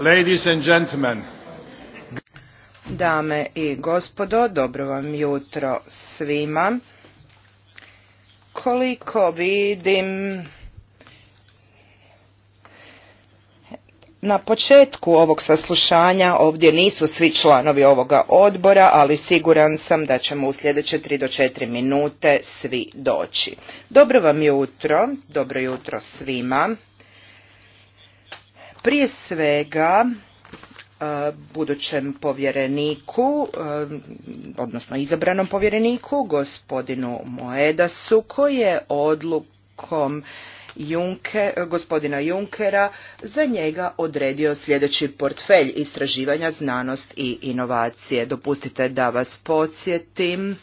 Ladies and gentlemen. Dame i gospodo, dobro vam jutro svima. Koliko vidim Na početku ovog saslušanja ovdje nisu svi članovi ovoga odbora, ali siguran sam da ćemo u sljedeće 3 do 4 minute svi doći. Dobro vam jutro, dobro jutro svima. Prije svega e, budućem povjereniku, e, odnosno izabranom povjereniku, gospodinu Moedasu, koji je odlukom Junke, gospodina Junkera za njega odredio sljedeći portfelj istraživanja, znanost i inovacije. Dopustite da vas podsjetim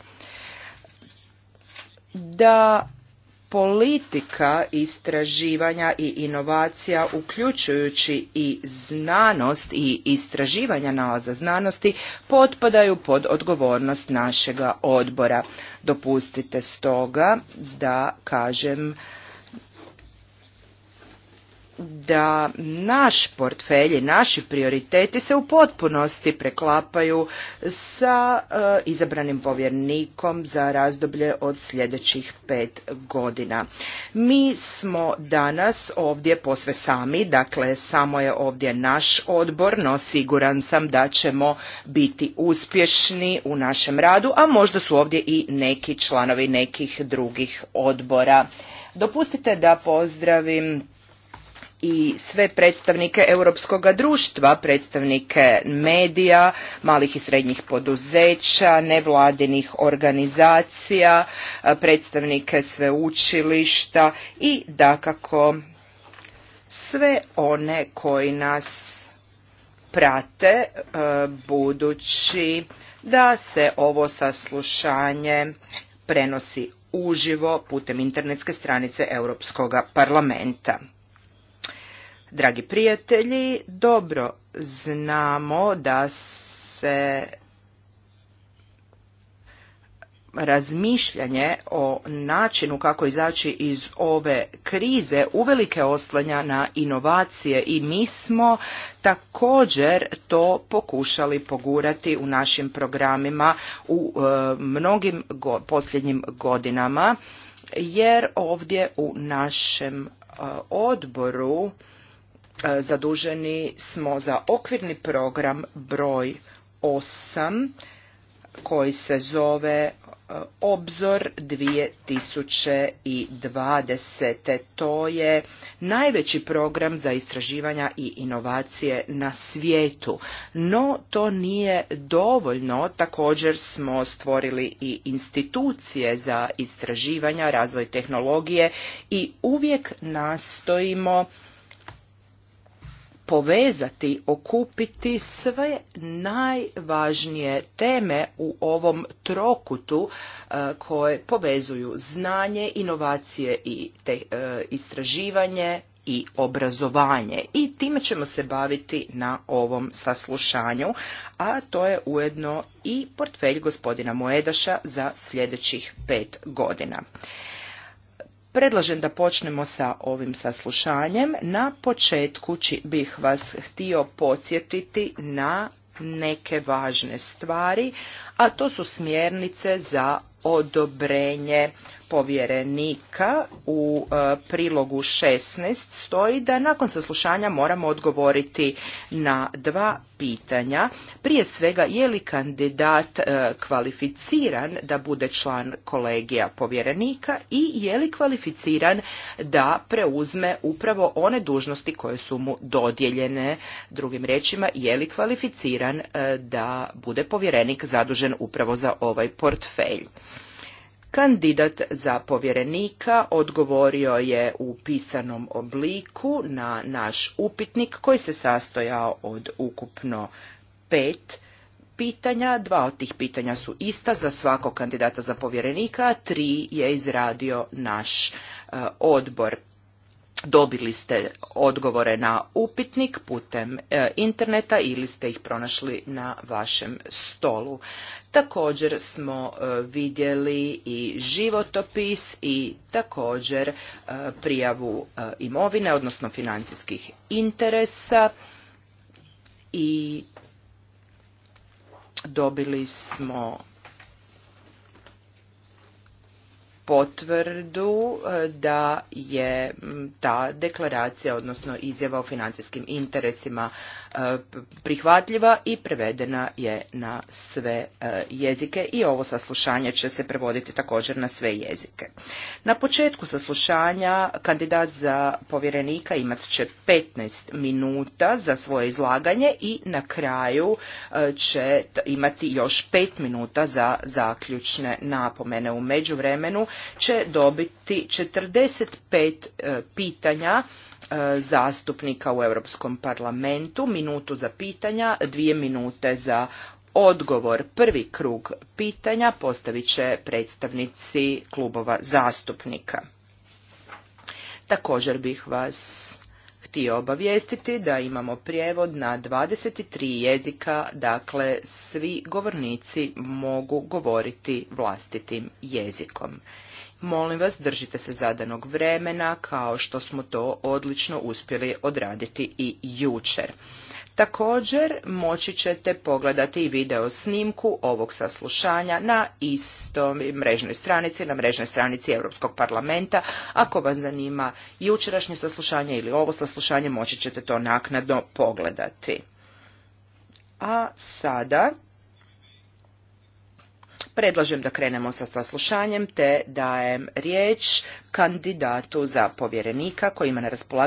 da politika istraživanja i inovacija uključujući i znanost i istraživanja nalaza znanosti potpadaju pod odgovornost našega odbora. Dopustite stoga da kažem da naš portfelj i naši prioriteti se u potpunosti preklapaju sa eh, izabranim povjernikom za razdoblje od sljedećih pet godina. Mi smo danas ovdje posve sami, dakle samo je ovdje naš odbor, no siguran sam da ćemo biti uspješni u našem radu, a možda su ovdje i neki članovi nekih drugih odbora. Dopustite da pozdravim i sve predstavnike europskoga društva, predstavnike medija, malih i srednjih poduzeća, nevladinih organizacija, predstavnike sveučilišta i dakako sve one koji nas prate e, budući da se ovo saslušanje prenosi uživo putem internetske stranice Europskog parlamenta. Dragi prijatelji, dobro znamo da se razmišljanje o načinu kako izaći iz ove krize uvelike oslanja na inovacije i mi smo također to pokušali pogurati u našim programima u e, mnogim posljednjim godinama jer ovdje u našem e, odboru E, zaduženi smo za okvirni program broj 8 koji se zove e, Obzor 2020. To je najveći program za istraživanja i inovacije na svijetu. No, to nije dovoljno. Također smo stvorili i institucije za istraživanja, razvoj tehnologije i uvijek nastojimo povezati, okupiti sve najvažnije teme u ovom trokutu e, koje povezuju znanje, inovacije i te, e, istraživanje i obrazovanje. I time ćemo se baviti na ovom saslušanju, a to je ujedno i portfelj gospodina Moedaša za sljedećih pet godina. Predlažem da počnemo sa ovim saslušanjem. Na početku bih vas htio podsjetiti na neke važne stvari, a to su smjernice za odobrenje povjerenika u e, prilogu 16 stoji da nakon saslušanja moramo odgovoriti na dva pitanja. Prije svega je li kandidat e, kvalificiran da bude član kolegija povjerenika i je li kvalificiran da preuzme upravo one dužnosti koje su mu dodijeljene. Drugim riječima je li kvalificiran e, da bude povjerenik zadužen upravo za ovaj portfelj. Kandidat za povjerenika odgovorio je u pisanom obliku na naš upitnik koji se sastojao od ukupno pet pitanja. Dva od tih pitanja su ista za svakog kandidata za povjerenika, a tri je izradio naš e, odbor. Dobili ste odgovore na upitnik putem e, interneta ili ste ih pronašli na vašem stolu. Također smo e, vidjeli i životopis i također e, prijavu imovine, odnosno financijskih interesa i dobili smo potvrdu e, da je ta deklaracija, odnosno izjava o financijskim interesima e, prihvatljiva i prevedena je na sve e, jezike i ovo saslušanje će se prevoditi također na sve jezike. Na početku saslušanja kandidat za povjerenika imat će 15 minuta za svoje izlaganje i na kraju će imati još 5 minuta za zaključne napomene. U međuvremenu će dobiti 45 e, pitanja e, zastupnika u Europskom parlamentu, minutu za pitanja, dvije minute za odgovor. Prvi krug pitanja postavit će predstavnici klubova zastupnika. Također bih vas htio obavijestiti da imamo prijevod na 23 jezika, dakle svi govornici mogu govoriti vlastitim jezikom. Molim vas, držite se zadanog vremena, kao što smo to odlično uspjeli odraditi i jučer. Također moći ćete pogledati i video snimku ovog saslušanja na istoj mrežnoj stranici, na mrežnoj stranici Europskog parlamenta. Ako vas zanima jučerašnje saslušanje ili ovo saslušanje, moći ćete to naknadno pogledati. A sada predlažem da krenemo sa saslušanjem te dajem riječ kandidatu za povjerenika koji ima na raspolaganju